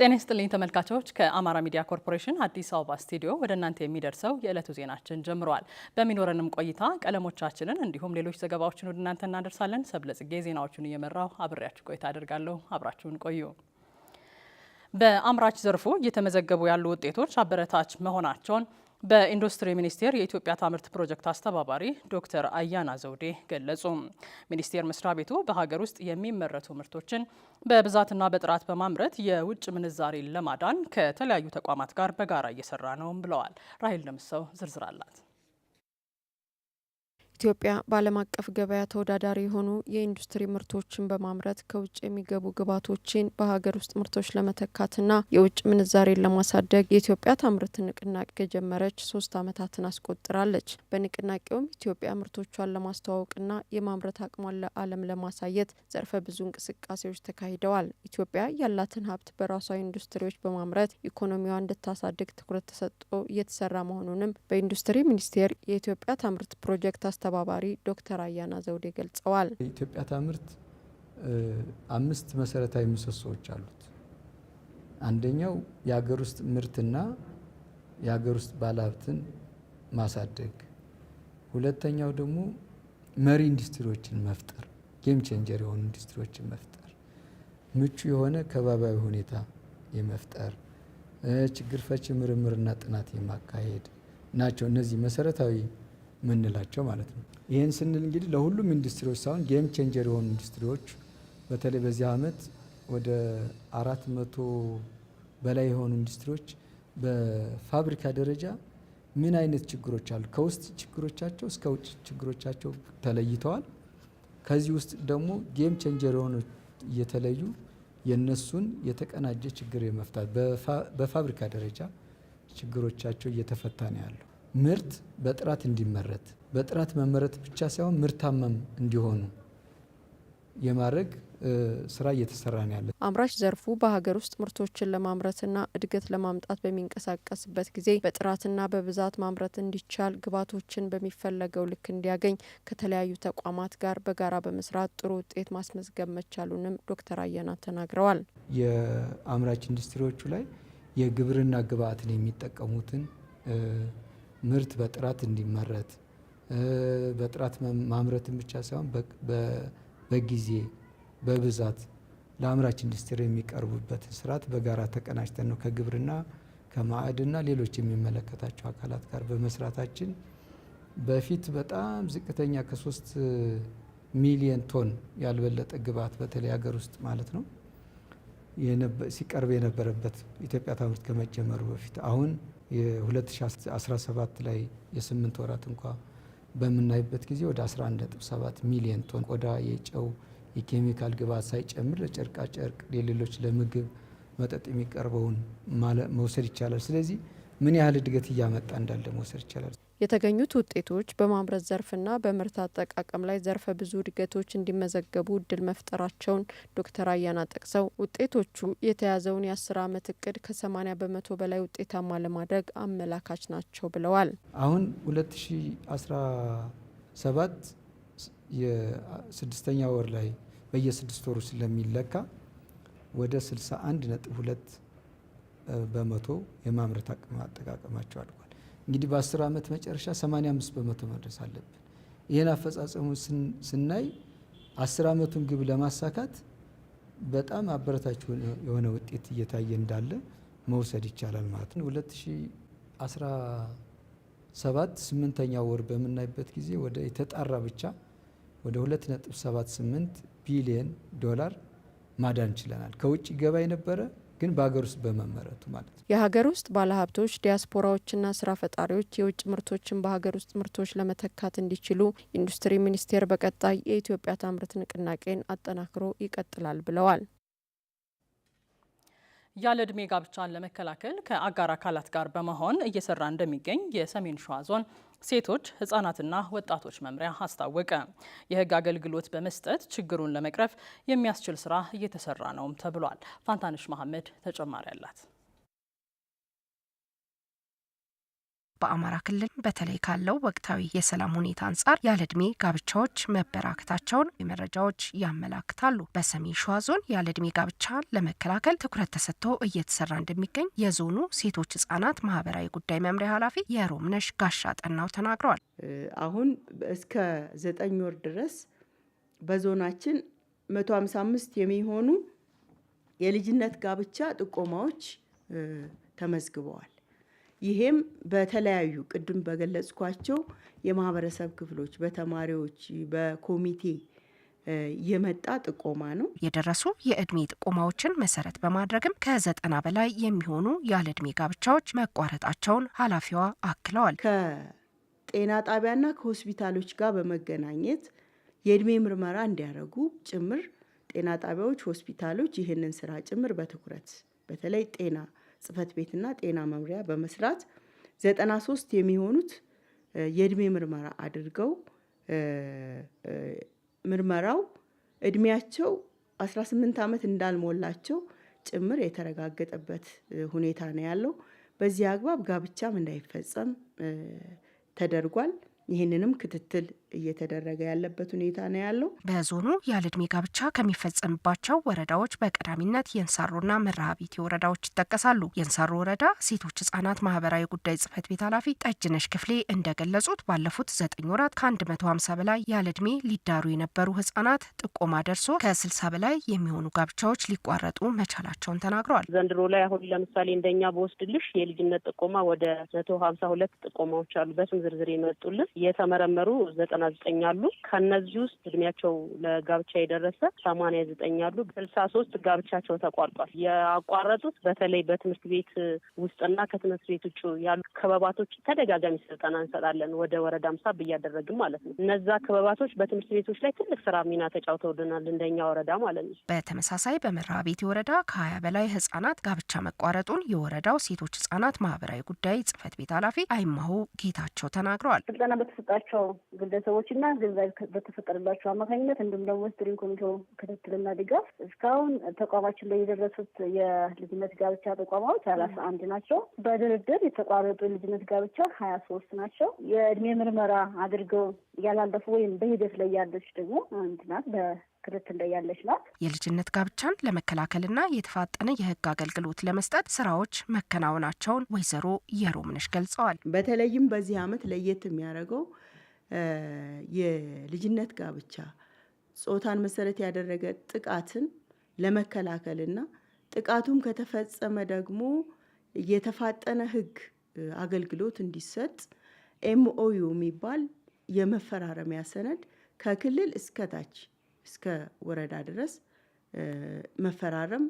ጤና ይስጥልኝ ተመልካቾች፣ ከአማራ ሚዲያ ኮርፖሬሽን አዲስ አበባ ስቱዲዮ ወደ እናንተ የሚደርሰው የዕለቱ ዜናችን ጀምሯል። በሚኖረንም ቆይታ ቀለሞቻችንን እንዲሁም ሌሎች ዘገባዎችን ወደ እናንተ እናደርሳለን። ሰብለጽጌ ዜናዎቹን እየመራው አብሬያችሁ ቆይታ አደርጋለሁ። አብራችሁን ቆዩ። በአምራች ዘርፉ እየተመዘገቡ ያሉ ውጤቶች አበረታች መሆናቸውን በኢንዱስትሪ ሚኒስቴር የኢትዮጵያ ታምርት ፕሮጀክት አስተባባሪ ዶክተር አያና ዘውዴ ገለጹ። ሚኒስቴር መስሪያ ቤቱ በሀገር ውስጥ የሚመረቱ ምርቶችን በብዛትና በጥራት በማምረት የውጭ ምንዛሬን ለማዳን ከተለያዩ ተቋማት ጋር በጋራ እየሰራ ነውም ብለዋል። ራሄል ደምሰው ዝርዝር አላት። ኢትዮጵያ በዓለም አቀፍ ገበያ ተወዳዳሪ የሆኑ የኢንዱስትሪ ምርቶችን በማምረት ከውጭ የሚገቡ ግብዓቶችን በሀገር ውስጥ ምርቶች ለመተካትና የውጭ ምንዛሬን ለማሳደግ የኢትዮጵያ ታምርት ንቅናቄ ከጀመረች ሶስት ዓመታትን አስቆጥራለች። በንቅናቄውም ኢትዮጵያ ምርቶቿን ለማስተዋወቅና የማምረት አቅሟን ለዓለም ለማሳየት ዘርፈ ብዙ እንቅስቃሴዎች ተካሂደዋል። ኢትዮጵያ ያላትን ሀብት በራሷ ኢንዱስትሪዎች በማምረት ኢኮኖሚዋ እንድታሳድግ ትኩረት ተሰጥቶ እየተሰራ መሆኑንም በኢንዱስትሪ ሚኒስቴር የኢትዮጵያ ታምርት ፕሮጀክት አስተባባሪ ዶክተር አያና ዘውዴ ገልጸዋል። የኢትዮጵያ ታምርት አምስት መሰረታዊ ምሰሶዎች አሉት። አንደኛው የሀገር ውስጥ ምርትና የሀገር ውስጥ ባለሀብትን ማሳደግ፣ ሁለተኛው ደግሞ መሪ ኢንዱስትሪዎችን መፍጠር፣ ጌም ቼንጀር የሆኑ ኢንዱስትሪዎችን መፍጠር፣ ምቹ የሆነ ከባቢያዊ ሁኔታ የመፍጠር ችግር ፈቺ ምርምርና ጥናት የማካሄድ ናቸው። እነዚህ መሰረታዊ ምንላቸው ማለት ነው። ይህን ስንል እንግዲህ ለሁሉም ኢንዱስትሪዎች ሳይሆን ጌም ቼንጀር የሆኑ ኢንዱስትሪዎች በተለይ በዚህ ዓመት ወደ አራት መቶ በላይ የሆኑ ኢንዱስትሪዎች በፋብሪካ ደረጃ ምን አይነት ችግሮች አሉ፣ ከውስጥ ችግሮቻቸው እስከ ውጭ ችግሮቻቸው ተለይተዋል። ከዚህ ውስጥ ደግሞ ጌም ቼንጀር የሆኑ እየተለዩ የነሱን የተቀናጀ ችግር የመፍታት በፋብሪካ ደረጃ ችግሮቻቸው እየተፈታ ነው ያለው። ምርት በጥራት እንዲመረት በጥራት መመረት ብቻ ሳይሆን ምርታማም እንዲሆኑ የማድረግ ስራ እየተሰራ ነው ያለ አምራች ዘርፉ በሀገር ውስጥ ምርቶችን ለማምረትና እድገት ለማምጣት በሚንቀሳቀስበት ጊዜ በጥራትና በብዛት ማምረት እንዲቻል ግብዓቶችን በሚፈለገው ልክ እንዲያገኝ ከተለያዩ ተቋማት ጋር በጋራ በመስራት ጥሩ ውጤት ማስመዝገብ መቻሉንም ዶክተር አየና ተናግረዋል። የአምራች ኢንዱስትሪዎቹ ላይ የግብርና ግብዓትን የሚጠቀሙትን ምርት በጥራት እንዲመረት በጥራት ማምረትን ብቻ ሳይሆን በጊዜ በብዛት ለአምራች ኢንዱስትሪ የሚቀርቡበትን ስርዓት በጋራ ተቀናጅተን ነው ከግብርና ከማዕድና ሌሎች የሚመለከታቸው አካላት ጋር በመስራታችን በፊት በጣም ዝቅተኛ ከሶስት ሚሊየን ቶን ያልበለጠ ግብዓት በተለይ ሀገር ውስጥ ማለት ነው ሲቀርብ የነበረበት ኢትዮጵያ ታምርት ከመጀመሩ በፊት አሁን የ2017 ላይ የስምንት ወራት እንኳ በምናይበት ጊዜ ወደ 11.7 ሚሊዮን ቶን ቆዳ፣ የጨው፣ የኬሚካል ግብዓት ሳይጨምር ለጨርቃጨርቅ፣ ለሌሎች ለምግብ መጠጥ የሚቀርበውን መውሰድ ይቻላል። ስለዚህ ምን ያህል እድገት እያመጣ እንዳለ መውሰድ ይቻላል። የተገኙት ውጤቶች በማምረት ዘርፍና በምርት አጠቃቀም ላይ ዘርፈ ብዙ እድገቶች እንዲመዘገቡ እድል መፍጠራቸውን ዶክተር አያና ጠቅሰው ውጤቶቹ የተያዘውን የአስር ዓመት እቅድ ከሰማኒያ በመቶ በላይ ውጤታማ ለማድረግ አመላካች ናቸው ብለዋል። አሁን 2017 የስድስተኛ ወር ላይ በየስድስት ወሩ ስለሚለካ ወደ 61.2 በመቶ የማምረት አቅም አጠቃቀማቸው እንግዲህ በአስር ዓመት መጨረሻ 85 በመቶ መድረስ አለብን። ይህን አፈጻጸሙ ስናይ አስር ዓመቱን ግብ ለማሳካት በጣም አበረታች የሆነ ውጤት እየታየ እንዳለ መውሰድ ይቻላል ማለት ነው። 2017 ስምንተኛ ወር በምናይበት ጊዜ ወደ የተጣራ ብቻ ወደ 2.78 ቢሊየን ዶላር ማዳን ችለናል። ከውጭ ገባ የነበረ ግን በሀገር ውስጥ በመመረቱ ማለት ነው። የሀገር ውስጥ ባለሀብቶች፣ ዲያስፖራዎችና ስራ ፈጣሪዎች የውጭ ምርቶችን በሀገር ውስጥ ምርቶች ለመተካት እንዲችሉ ኢንዱስትሪ ሚኒስቴር በቀጣይ የኢትዮጵያ ታምርት ንቅናቄን አጠናክሮ ይቀጥላል ብለዋል። ያለ እድሜ ጋብቻን ለመከላከል ከአጋር አካላት ጋር በመሆን እየሰራ እንደሚገኝ የሰሜን ሸዋ ዞን ሴቶች ህጻናትና ወጣቶች መምሪያ አስታወቀ። የህግ አገልግሎት በመስጠት ችግሩን ለመቅረፍ የሚያስችል ስራ እየተሰራ ነውም ተብሏል። ፋንታንሽ መሐመድ ተጨማሪ አላት። በአማራ ክልል በተለይ ካለው ወቅታዊ የሰላም ሁኔታ አንጻር ያለዕድሜ ጋብቻዎች መበራከታቸውን መረጃዎች ያመላክታሉ። በሰሜን ሸዋ ዞን ያለዕድሜ ጋብቻ ለመከላከል ትኩረት ተሰጥቶ እየተሰራ እንደሚገኝ የዞኑ ሴቶች ህጻናት ማህበራዊ ጉዳይ መምሪያ ኃላፊ የሮምነሽ ጋሻ ጠናው ተናግረዋል። አሁን እስከ ዘጠኝ ወር ድረስ በዞናችን መቶ ሀምሳ አምስት የሚሆኑ የልጅነት ጋብቻ ጥቆማዎች ተመዝግበዋል። ይሄም በተለያዩ ቅድም በገለጽኳቸው የማህበረሰብ ክፍሎች በተማሪዎች በኮሚቴ የመጣ ጥቆማ ነው። የደረሱ የእድሜ ጥቆማዎችን መሰረት በማድረግም ከዘጠና በላይ የሚሆኑ ያለ እድሜ ጋብቻዎች መቋረጣቸውን ኃላፊዋ አክለዋል። ከጤና ጣቢያና ከሆስፒታሎች ጋር በመገናኘት የእድሜ ምርመራ እንዲያደርጉ ጭምር ጤና ጣቢያዎች፣ ሆስፒታሎች ይህንን ስራ ጭምር በትኩረት በተለይ ጤና ጽህፈት ቤትና ጤና መምሪያ በመስራት ዘጠና ሶስት የሚሆኑት የእድሜ ምርመራ አድርገው ምርመራው እድሜያቸው 18 ዓመት እንዳልሞላቸው ጭምር የተረጋገጠበት ሁኔታ ነው ያለው። በዚህ አግባብ ጋብቻም እንዳይፈጸም ተደርጓል። ይህንንም ክትትል እየተደረገ ያለበት ሁኔታ ነው ያለው። በዞኑ ያለ ጋብቻ ከሚፈጸምባቸው ወረዳዎች በቀዳሚነት የእንሳሮና መርሃቤቴ ወረዳዎች ይጠቀሳሉ። የእንሳሮ ወረዳ ሴቶች ህጻናት ማህበራዊ ጉዳይ ጽህፈት ቤት ኃላፊ ጠጅነሽ ክፍሌ እንደገለጹት ባለፉት ዘጠኝ ወራት ከ150 በላይ ያለ ሊዳሩ የነበሩ ህጻናት ጥቆማ ደርሶ ከ60 በላይ የሚሆኑ ጋብቻዎች ሊቋረጡ መቻላቸውን ተናግረዋል። ዘንድሮ ላይ አሁን ለምሳሌ እንደኛ በወስድልሽ የልጅነት ጥቆማ ወደ መቶ ሀምሳ ሁለት ጥቆማዎች አሉ። በስም ዝርዝር የመጡልን የተመረመሩ ዘጠና ዘጠኝ አሉ። ከእነዚህ ውስጥ እድሜያቸው ለጋብቻ የደረሰ ሰማንያ ዘጠኝ አሉ። ስልሳ ሶስት ጋብቻቸው ተቋርጧል። ያቋረጡት በተለይ በትምህርት ቤት ውስጥና ከትምህርት ቤት ውጭ ያሉ ክበባቶች ተደጋጋሚ ስልጠና እንሰጣለን ወደ ወረዳ አምሳ እያደረግን ማለት ነው። እነዛ ክበባቶች በትምህርት ቤቶች ላይ ትልቅ ስራ ሚና ተጫውተውልናል፣ እንደኛ ወረዳ ማለት ነው። በተመሳሳይ በመራ ቤቴ ወረዳ ከሀያ በላይ ህጻናት ጋብቻ መቋረጡን የወረዳው ሴቶች ህጻናት ማህበራዊ ጉዳይ ጽህፈት ቤት ኃላፊ አይማሁ ጌታቸው ተናግረዋል። ስልጠና በተሰጣቸው ግለሰ ግለሰቦችና ግንዛቤ በተፈጠረላቸው አማካኝነት እንዲሁም ደግሞ ስትሪንግ ኮሚቴው ክትትልና ድጋፍ እስካሁን ተቋማችን ላይ የደረሱት የልጅነት ጋብቻ ተቋማዎች ሰላሳ አንድ ናቸው። በድርድር የተቋረጡ የልጅነት ጋብቻ ሀያ ሶስት ናቸው። የእድሜ ምርመራ አድርገው ያላለፉ ወይም በሂደት ላይ ያለች ደግሞ አንድ ናት። ክትትል ላይ ያለች ናት። የልጅነት ጋብቻን ለመከላከልና የተፋጠነ የህግ አገልግሎት ለመስጠት ስራዎች መከናወናቸውን ወይዘሮ የሮምነሽ ገልጸዋል። በተለይም በዚህ አመት ለየት የሚያደርገው የልጅነት ጋብቻ ጾታን መሰረት ያደረገ ጥቃትን ለመከላከልና ጥቃቱም ከተፈጸመ ደግሞ የተፋጠነ ሕግ አገልግሎት እንዲሰጥ ኤምኦዩ የሚባል የመፈራረሚያ ሰነድ ከክልል እስከ ታች እስከ ወረዳ ድረስ መፈራረም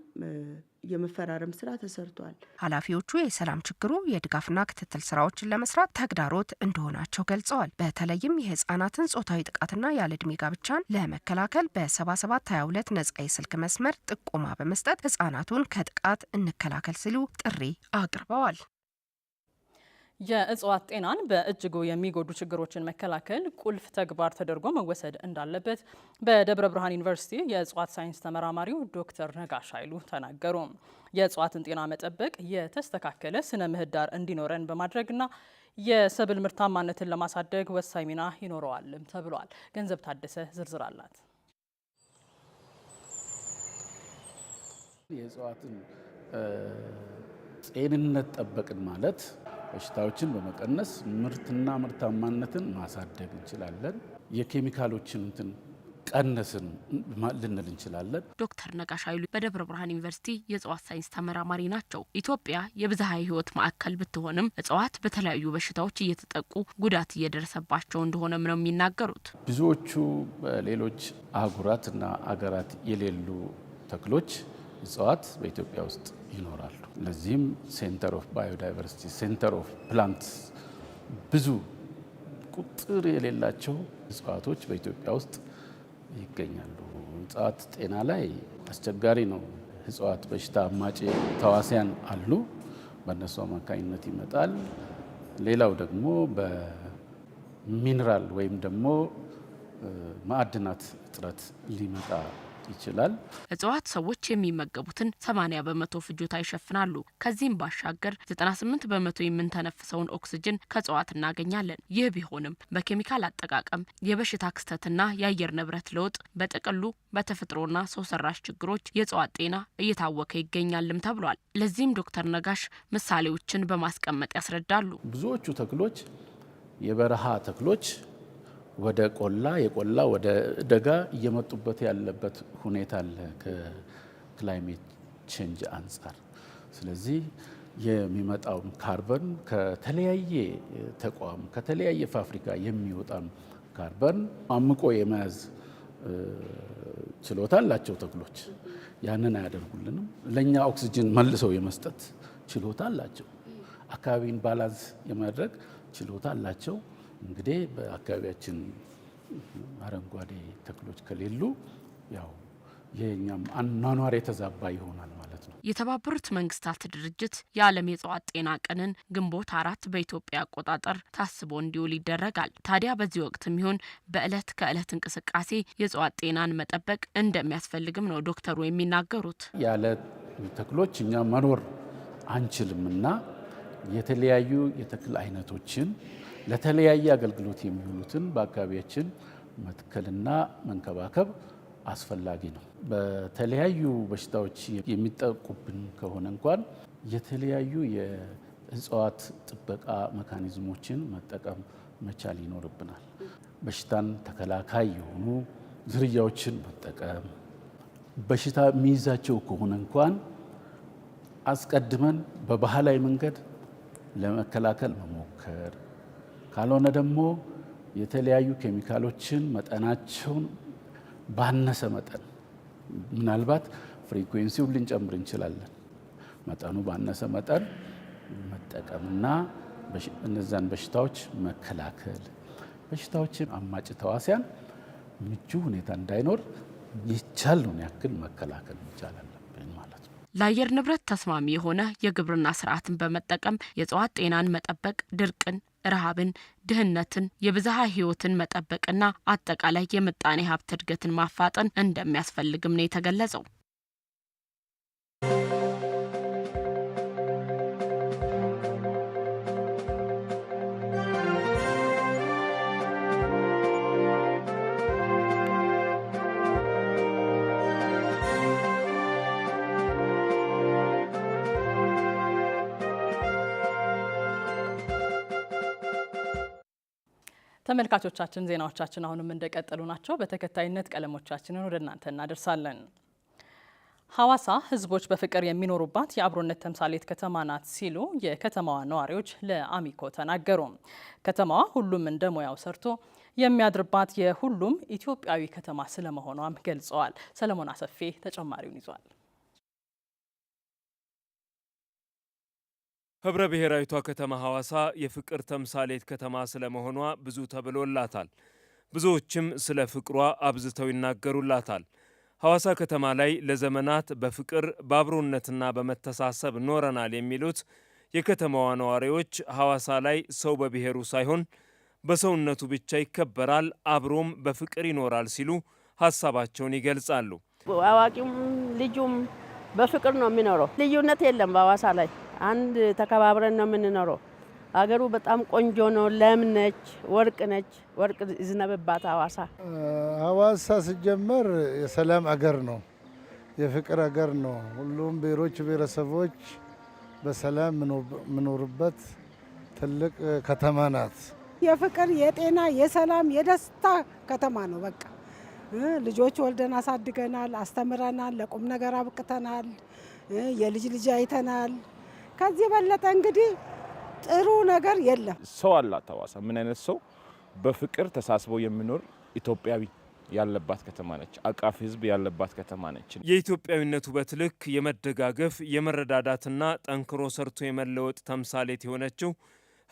የመፈራረም ስራ ተሰርቷል። ኃላፊዎቹ የሰላም ችግሩ የድጋፍና ክትትል ስራዎችን ለመስራት ተግዳሮት እንደሆናቸው ገልጸዋል። በተለይም የህጻናትን ጾታዊ ጥቃትና ያለ ጋብቻን ለመከላከል በ7722 ነጻ የስልክ መስመር ጥቆማ በመስጠት ህጻናቱን ከጥቃት እንከላከል ሲሉ ጥሪ አቅርበዋል። የእጽዋት ጤናን በእጅጉ የሚጎዱ ችግሮችን መከላከል ቁልፍ ተግባር ተደርጎ መወሰድ እንዳለበት በደብረ ብርሃን ዩኒቨርሲቲ የእጽዋት ሳይንስ ተመራማሪው ዶክተር ነጋሽ ኃይሉ ተናገሩ። የእጽዋትን ጤና መጠበቅ የተስተካከለ ስነ ምህዳር እንዲኖረን በማድረግና የሰብል ምርታማነትን ለማሳደግ ወሳኝ ሚና ይኖረዋልም ተብሏል። ገንዘብ ታደሰ ዝርዝር አላት። የእጽዋትን ጤንነት ጠበቅን ማለት በሽታዎችን በመቀነስ ምርትና ምርታማነትን ማሳደግ እንችላለን። የኬሚካሎችን እንትን ቀነስን ልንል እንችላለን። ዶክተር ነጋሽ ኃይሉ በደብረ ብርሃን ዩኒቨርሲቲ የእጽዋት ሳይንስ ተመራማሪ ናቸው። ኢትዮጵያ የብዝሃ ህይወት ማዕከል ብትሆንም እጽዋት በተለያዩ በሽታዎች እየተጠቁ ጉዳት እየደረሰባቸው እንደሆነም ነው የሚናገሩት። ብዙዎቹ በሌሎች አህጉራትና አገራት የሌሉ ተክሎች እጽዋት በኢትዮጵያ ውስጥ ይኖራሉ። ለዚህም ሴንተር ኦፍ ባዮዳይቨርሲቲ፣ ሴንተር ኦፍ ፕላንትስ ብዙ ቁጥር የሌላቸው እጽዋቶች በኢትዮጵያ ውስጥ ይገኛሉ። እጽዋት ጤና ላይ አስቸጋሪ ነው። እጽዋት በሽታ አማጭ ተዋሲያን አሉ። በእነሱ አማካኝነት ይመጣል። ሌላው ደግሞ በሚኒራል ወይም ደግሞ ማዕድናት እጥረት ሊመጣ ይችላል። እጽዋት ሰዎች የሚመገቡትን 80 በመቶ ፍጆታ ይሸፍናሉ። ከዚህም ባሻገር 98 በመቶ የምንተነፍሰውን ኦክስጅን ከእጽዋት እናገኛለን። ይህ ቢሆንም በኬሚካል አጠቃቀም፣ የበሽታ ክስተትና የአየር ንብረት ለውጥ በጥቅሉ በተፈጥሮና ሰው ሰራሽ ችግሮች የእጽዋት ጤና እየታወከ ይገኛልም ተብሏል። ለዚህም ዶክተር ነጋሽ ምሳሌዎችን በማስቀመጥ ያስረዳሉ። ብዙዎቹ ተክሎች የበረሃ ተክሎች ወደ ቆላ የቆላ ወደ ደጋ እየመጡበት ያለበት ሁኔታ አለ ከክላይሜት ቼንጅ አንጻር። ስለዚህ የሚመጣውን ካርበን ከተለያየ ተቋም ከተለያየ ፋብሪካ የሚወጣን ካርበን አምቆ የመያዝ ችሎታ አላቸው ተክሎች። ያንን አያደርጉልንም። ለእኛ ኦክሲጅን መልሰው የመስጠት ችሎታ አላቸው። አካባቢን ባላንስ የማድረግ ችሎታ አላቸው። እንግዲህ በአካባቢያችን አረንጓዴ ተክሎች ከሌሉ ያው የኛም አኗኗር የተዛባ ይሆናል ማለት ነው። የተባበሩት መንግስታት ድርጅት የዓለም የእጽዋት ጤና ቀንን ግንቦት አራት በኢትዮጵያ አቆጣጠር ታስቦ እንዲውል ይደረጋል። ታዲያ በዚህ ወቅትም ይሁን በእለት ከእለት እንቅስቃሴ የእጽዋት ጤናን መጠበቅ እንደሚያስፈልግም ነው ዶክተሩ የሚናገሩት። ያለ ተክሎች እኛ መኖር አንችልምና የተለያዩ የተክል አይነቶችን ለተለያየ አገልግሎት የሚውሉትን በአካባቢያችን መትከልና መንከባከብ አስፈላጊ ነው። በተለያዩ በሽታዎች የሚጠቁብን ከሆነ እንኳን የተለያዩ የእጽዋት ጥበቃ መካኒዝሞችን መጠቀም መቻል ይኖርብናል። በሽታን ተከላካይ የሆኑ ዝርያዎችን መጠቀም፣ በሽታ የሚይዛቸው ከሆነ እንኳን አስቀድመን በባህላዊ መንገድ ለመከላከል መሞከር ካልሆነ ደግሞ የተለያዩ ኬሚካሎችን መጠናቸውን ባነሰ መጠን ምናልባት ፍሪኩዌንሲውን ልንጨምር እንችላለን። መጠኑ ባነሰ መጠን መጠቀምና እነዛን በሽታዎች መከላከል በሽታዎችን አማጭ ተዋሲያን ምቹ ሁኔታ እንዳይኖር የቻልነውን ያክል መከላከል ይቻላል። ለአየር ንብረት ተስማሚ የሆነ የግብርና ስርዓትን በመጠቀም የእጽዋት ጤናን መጠበቅ ድርቅን ረሃብን፣ ድህነትን፣ የብዝሃ ህይወትን መጠበቅና አጠቃላይ የምጣኔ ሀብት እድገትን ማፋጠን እንደሚያስፈልግም ነው የተገለጸው። ተመልካቾቻችን ዜናዎቻችን አሁንም እንደቀጠሉ ናቸው። በተከታይነት ቀለሞቻችንን ወደ እናንተ እናደርሳለን። ሐዋሳ ህዝቦች በፍቅር የሚኖሩባት የአብሮነት ተምሳሌት ከተማ ናት ሲሉ የከተማዋ ነዋሪዎች ለአሚኮ ተናገሩ። ከተማዋ ሁሉም እንደ ሙያው ሰርቶ የሚያድርባት የሁሉም ኢትዮጵያዊ ከተማ ስለመሆኗም ገልጸዋል። ሰለሞን አሰፌ ተጨማሪውን ይዟል። ህብረ ብሔራዊቷ ከተማ ሐዋሳ የፍቅር ተምሳሌት ከተማ ስለመሆኗ ብዙ ተብሎላታል። ብዙዎችም ስለ ፍቅሯ አብዝተው ይናገሩላታል። ሐዋሳ ከተማ ላይ ለዘመናት በፍቅር በአብሮነትና በመተሳሰብ ኖረናል የሚሉት የከተማዋ ነዋሪዎች ሐዋሳ ላይ ሰው በብሔሩ ሳይሆን በሰውነቱ ብቻ ይከበራል፣ አብሮም በፍቅር ይኖራል ሲሉ ሀሳባቸውን ይገልጻሉ። አዋቂውም ልጁም በፍቅር ነው የሚኖረው። ልዩነት የለም በሐዋሳ ላይ አንድ ተከባብረን ነው የምንኖረው። አገሩ በጣም ቆንጆ ነው። ለም ነች፣ ወርቅ ነች። ወርቅ ይዝነብባት ሀዋሳ። ሀዋሳ ሲጀመር የሰላም አገር ነው፣ የፍቅር አገር ነው። ሁሉም ብሔሮች፣ ብሔረሰቦች በሰላም የምኖሩበት ትልቅ ከተማ ናት። የፍቅር፣ የጤና፣ የሰላም፣ የደስታ ከተማ ነው። በቃ ልጆች ወልደን አሳድገናል፣ አስተምረናል፣ ለቁም ነገር አብቅተናል፣ የልጅ ልጅ አይተናል። ከዚህ የበለጠ እንግዲህ ጥሩ ነገር የለም። ሰው አላት ሀዋሳ ምን አይነት ሰው! በፍቅር ተሳስቦ የሚኖር ኢትዮጵያዊ ያለባት ከተማ ነች። አቃፊ ህዝብ ያለባት ከተማ ነች። የኢትዮጵያዊነት ውበት ልክ የመደጋገፍ የመረዳዳትና ጠንክሮ ሰርቶ የመለወጥ ተምሳሌት የሆነችው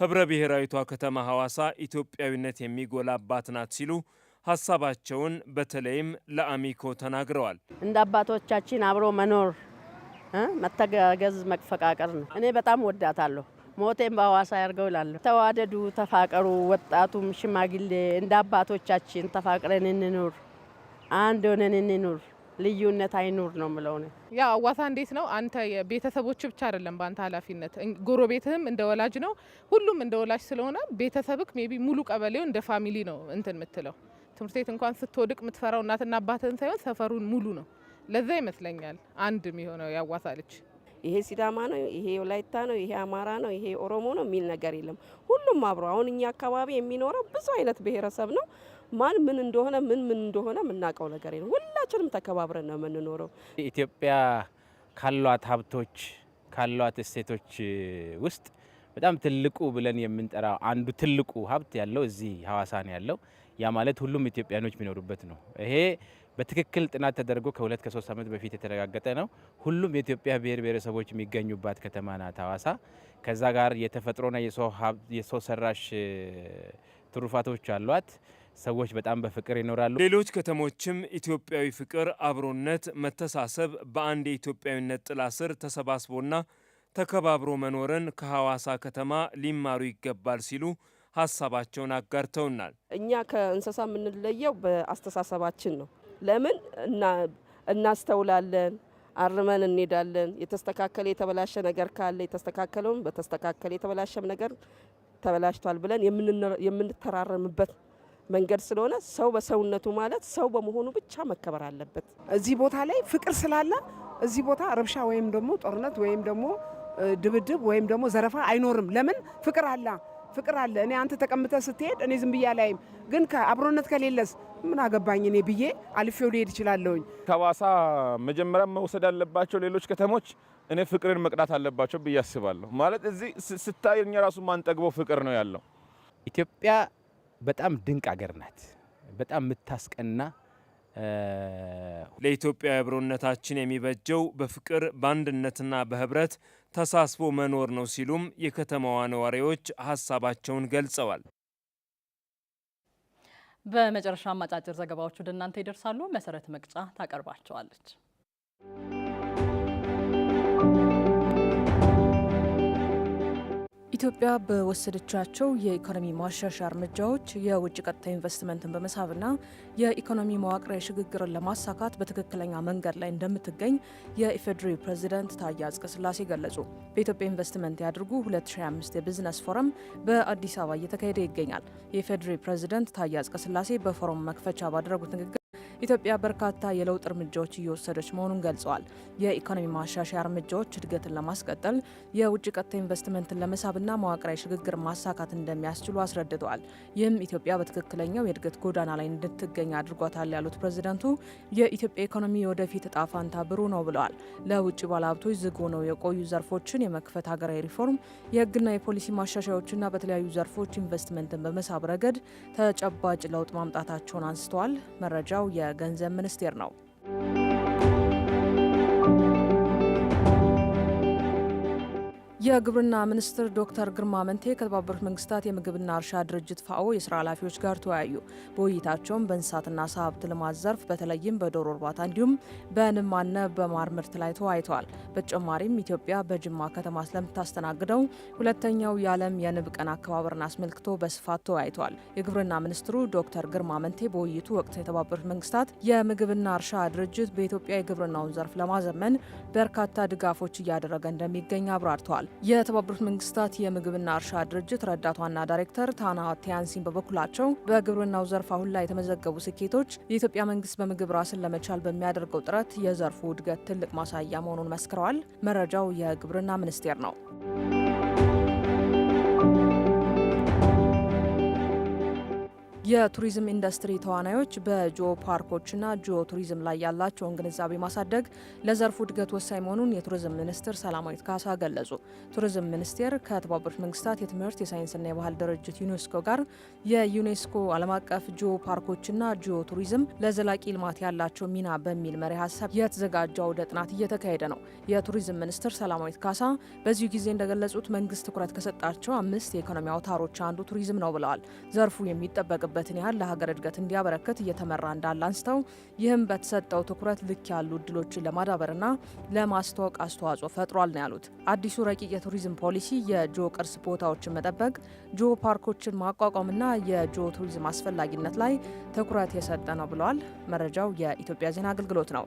ህብረ ብሔራዊቷ ከተማ ሐዋሳ ኢትዮጵያዊነት የሚጎላባት ናት ሲሉ ሀሳባቸውን በተለይም ለአሚኮ ተናግረዋል። እንደ አባቶቻችን አብሮ መኖር መተጋገዝ መፈቃቀር ነው። እኔ በጣም ወዳታለሁ። ሞቴን በሐዋሳ ያርገው እላለሁ። ተዋደዱ፣ ተፋቀሩ። ወጣቱም ሽማግሌ እንደ አባቶቻችን ተፋቅረን እንኑር፣ አንድ ሆነን እንኑር፣ ልዩነት አይኑር ነው ምለው። ያ አዋሳ እንዴት ነው አንተ ቤተሰቦች ብቻ አይደለም በአንተ ኃላፊነት ጎረቤትህም እንደ ወላጅ ነው። ሁሉም እንደ ወላጅ ስለሆነ ቤተሰብክ ሜቢ ሙሉ ቀበሌው እንደ ፋሚሊ ነው እንትን የምትለው ትምህርት ቤት እንኳን ስትወድቅ የምትፈራው እናትና አባትህን ሳይሆን ሰፈሩን ሙሉ ነው። ለዛ ይመስለኛል አንድ የሚሆነው ያዋሳለች። ይሄ ሲዳማ ነው፣ ይሄ ወላይታ ነው፣ ይሄ አማራ ነው፣ ይሄ ኦሮሞ ነው የሚል ነገር የለም። ሁሉም አብሮ አሁን እኛ አካባቢ የሚኖረው ብዙ አይነት ብሔረሰብ ነው። ማን ምን እንደሆነ ምን ምን እንደሆነ የምናውቀው ነገር የለም። ሁላችንም ተከባብረን ነው የምንኖረው። ኢትዮጵያ ካሏት ሀብቶች ካሏት እሴቶች ውስጥ በጣም ትልቁ ብለን የምንጠራው አንዱ ትልቁ ሀብት ያለው እዚህ ሀዋሳ ነው ያለው። ያ ማለት ሁሉም ኢትዮጵያኖች የሚኖሩበት ነው ይሄ በትክክል ጥናት ተደርጎ ከሁለት ከሶስት ዓመት በፊት የተረጋገጠ ነው። ሁሉም የኢትዮጵያ ብሔር ብሔረሰቦች የሚገኙባት ከተማ ናት ሀዋሳ። ከዛ ጋር የተፈጥሮና የሰው ሰራሽ ትሩፋቶች አሏት። ሰዎች በጣም በፍቅር ይኖራሉ። ሌሎች ከተሞችም ኢትዮጵያዊ ፍቅር፣ አብሮነት፣ መተሳሰብ በአንድ የኢትዮጵያዊነት ጥላ ስር ተሰባስቦና ተከባብሮ መኖርን ከሐዋሳ ከተማ ሊማሩ ይገባል ሲሉ ሀሳባቸውን አጋርተውናል። እኛ ከእንስሳ የምንለየው በአስተሳሰባችን ነው። ለምን እናስተውላለን፣ አርመን እንሄዳለን። የተስተካከለ የተበላሸ ነገር ካለ የተስተካከለውም በተስተካከለ የተበላሸም ነገር ተበላሽቷል ብለን የምንተራረምበት መንገድ ስለሆነ ሰው በሰውነቱ ማለት ሰው በመሆኑ ብቻ መከበር አለበት። እዚህ ቦታ ላይ ፍቅር ስላለ እዚህ ቦታ ረብሻ ወይም ደግሞ ጦርነት ወይም ደግሞ ድብድብ ወይም ደግሞ ዘረፋ አይኖርም። ለምን ፍቅር አለ፣ ፍቅር አለ። እኔ አንተ ተቀምጠ ስትሄድ እኔ ዝም ብያ ላይም፣ ግን ከአብሮነት ከሌለስ ምን አገባኝ እኔ ብዬ አልፌው ሊሄድ ይችላለሁኝ። ከሀዋሳ መጀመሪያ መውሰድ ያለባቸው ሌሎች ከተሞች እኔ ፍቅርን መቅዳት አለባቸው ብዬ አስባለሁ። ማለት እዚህ ስታይ እኛ ራሱ ማንጠግበው ፍቅር ነው ያለው። ኢትዮጵያ በጣም ድንቅ አገር ናት። በጣም የምታስቀና ለኢትዮጵያ አብሮነታችን የሚበጀው በፍቅር በአንድነትና በህብረት ተሳስቦ መኖር ነው ሲሉም የከተማዋ ነዋሪዎች ሀሳባቸውን ገልጸዋል። በመጨረሻም አጫጭር ዘገባዎች ወደ እናንተ ይደርሳሉ። መሰረት መቅጫ ታቀርባቸዋለች። ኢትዮጵያ በወሰደቻቸው የኢኮኖሚ ማሻሻያ እርምጃዎች የውጭ ቀጥታ ኢንቨስትመንትን በመሳብና የኢኮኖሚ መዋቅራዊ ሽግግርን ለማሳካት በትክክለኛ መንገድ ላይ እንደምትገኝ የኢፌዴሪ ፕሬዚደንት ታዬ አጽቀሥላሴ ገለጹ። በኢትዮጵያ ኢንቨስትመንት ያድርጉ 2025 የቢዝነስ ፎረም በአዲስ አበባ እየተካሄደ ይገኛል። የኢፌዴሪ ፕሬዚደንት ታዬ አጽቀሥላሴ በፎረም መክፈቻ ባደረጉት ንግግር ኢትዮጵያ በርካታ የለውጥ እርምጃዎች እየወሰደች መሆኑን ገልጸዋል። የኢኮኖሚ ማሻሻያ እርምጃዎች እድገትን ለማስቀጠል የውጭ ቀጥታ ኢንቨስትመንትን ለመሳብና መዋቅራዊ ሽግግር ማሳካት እንደሚያስችሉ አስረድተዋል። ይህም ኢትዮጵያ በትክክለኛው የእድገት ጎዳና ላይ እንድትገኝ አድርጓታል ያሉት ፕሬዚደንቱ የኢትዮጵያ ኢኮኖሚ የወደፊት እጣ ፋንታ ብሩህ ነው ብለዋል። ለውጭ ባለሀብቶች ዝግ ሆነው የቆዩ ዘርፎችን የመክፈት ሀገራዊ ሪፎርም፣ የህግና የፖሊሲ ማሻሻያዎችና በተለያዩ ዘርፎች ኢንቨስትመንትን በመሳብ ረገድ ተጨባጭ ለውጥ ማምጣታቸውን አንስተዋል። መረጃው የ የገንዘብ ሚኒስቴር ነው። የግብርና ሚኒስትር ዶክተር ግርማ መንቴ ከተባበሩት መንግስታት የምግብና እርሻ ድርጅት ፋኦ የስራ ኃላፊዎች ጋር ተወያዩ። በውይይታቸውም በእንስሳትና ዓሳ ሀብት ልማት ዘርፍ በተለይም በዶሮ እርባታ እንዲሁም በንማነ በማር ምርት ላይ ተወያይተዋል። በተጨማሪም ኢትዮጵያ በጅማ ከተማ ስለምታስተናግደው ሁለተኛው የዓለም የንብ ቀን አከባበርን አስመልክቶ በስፋት ተወያይተዋል። የግብርና ሚኒስትሩ ዶክተር ግርማ መንቴ በውይይቱ ወቅት የተባበሩት መንግስታት የምግብና እርሻ ድርጅት በኢትዮጵያ የግብርናውን ዘርፍ ለማዘመን በርካታ ድጋፎች እያደረገ እንደሚገኝ አብራርተዋል። የተባበሩት መንግስታት የምግብና እርሻ ድርጅት ረዳት ዋና ዳይሬክተር ታና ቲያንሲን በበኩላቸው በግብርናው ዘርፍ አሁን ላይ የተመዘገቡ ስኬቶች የኢትዮጵያ መንግስት በምግብ ራስን ለመቻል በሚያደርገው ጥረት የዘርፉ እድገት ትልቅ ማሳያ መሆኑን መስክረዋል። መረጃው የግብርና ሚኒስቴር ነው። የቱሪዝም ኢንዱስትሪ ተዋናዮች በጂኦ ፓርኮችና ጂኦ ቱሪዝም ላይ ያላቸውን ግንዛቤ ማሳደግ ለዘርፉ እድገት ወሳኝ መሆኑን የቱሪዝም ሚኒስትር ሰላማዊት ካሳ ገለጹ። ቱሪዝም ሚኒስቴር ከተባበሩት መንግስታት የትምህርት የሳይንስና የባህል ድርጅት ዩኔስኮ ጋር የዩኔስኮ ዓለም አቀፍ ጂኦ ፓርኮችና ጂኦ ቱሪዝም ለዘላቂ ልማት ያላቸው ሚና በሚል መሪ ሀሳብ የተዘጋጀ አውደ ጥናት እየተካሄደ ነው። የቱሪዝም ሚኒስትር ሰላማዊት ካሳ በዚሁ ጊዜ እንደገለጹት መንግስት ትኩረት ከሰጣቸው አምስት የኢኮኖሚ አውታሮች አንዱ ቱሪዝም ነው ብለዋል። ዘርፉ የሚጠበቅበት የሚችልበትን ያህል ለሀገር እድገት እንዲያበረክት እየተመራ እንዳለ አንስተው ይህም በተሰጠው ትኩረት ልክ ያሉ እድሎችን ለማዳበርና ለማስተዋወቅ አስተዋጽኦ ፈጥሯል ነው ያሉት። አዲሱ ረቂቅ የቱሪዝም ፖሊሲ የጂኦ ቅርስ ቦታዎችን መጠበቅ፣ ጂኦ ፓርኮችን ማቋቋምና የጂኦ ቱሪዝም አስፈላጊነት ላይ ትኩረት የሰጠ ነው ብለዋል። መረጃው የኢትዮጵያ ዜና አገልግሎት ነው።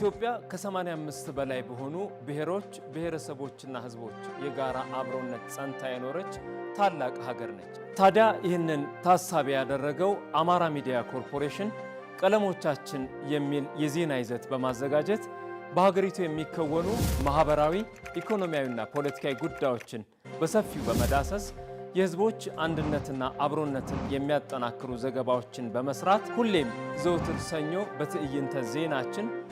ኢትዮጵያ ከ85 በላይ በሆኑ ብሔሮች፣ ብሔረሰቦችና ሕዝቦች የጋራ አብሮነት ጸንታ የኖረች ታላቅ ሀገር ነች። ታዲያ ይህንን ታሳቢ ያደረገው አማራ ሚዲያ ኮርፖሬሽን ቀለሞቻችን የሚል የዜና ይዘት በማዘጋጀት በሀገሪቱ የሚከወኑ ማህበራዊ፣ ኢኮኖሚያዊና ፖለቲካዊ ጉዳዮችን በሰፊው በመዳሰስ የህዝቦች አንድነትና አብሮነትን የሚያጠናክሩ ዘገባዎችን በመስራት ሁሌም ዘውትር ሰኞ በትዕይንተ ዜናችን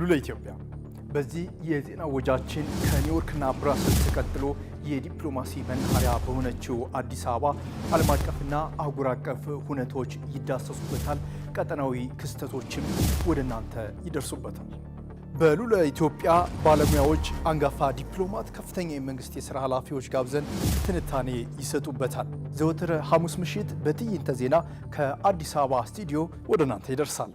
ሉላ ኢትዮጵያ በዚህ የዜና ወጃችን ከኒውዮርክና ብራሰልስ ተቀጥሎ የዲፕሎማሲ መናኸሪያ በሆነችው አዲስ አበባ ዓለም አቀፍና አህጉር አቀፍ ሁነቶች ይዳሰሱበታል። ቀጠናዊ ክስተቶችም ወደ እናንተ ይደርሱበታል። በሉላ ኢትዮጵያ ባለሙያዎች፣ አንጋፋ ዲፕሎማት፣ ከፍተኛ የመንግስት የሥራ ኃላፊዎች ጋብዘን ትንታኔ ይሰጡበታል። ዘወትር ሐሙስ ምሽት በትዕይንተ ዜና ከአዲስ አበባ ስቱዲዮ ወደ እናንተ ይደርሳል።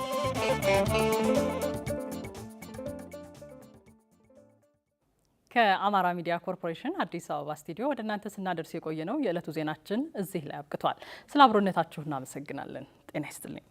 ከአማራ ሚዲያ ኮርፖሬሽን አዲስ አበባ ስቱዲዮ ወደ እናንተ ስናደርስ የቆየ ነው የዕለቱ ዜናችን እዚህ ላይ አብቅቷል። ስለ አብሮነታችሁ እናመሰግናለን። ጤና ይስጥልኝ።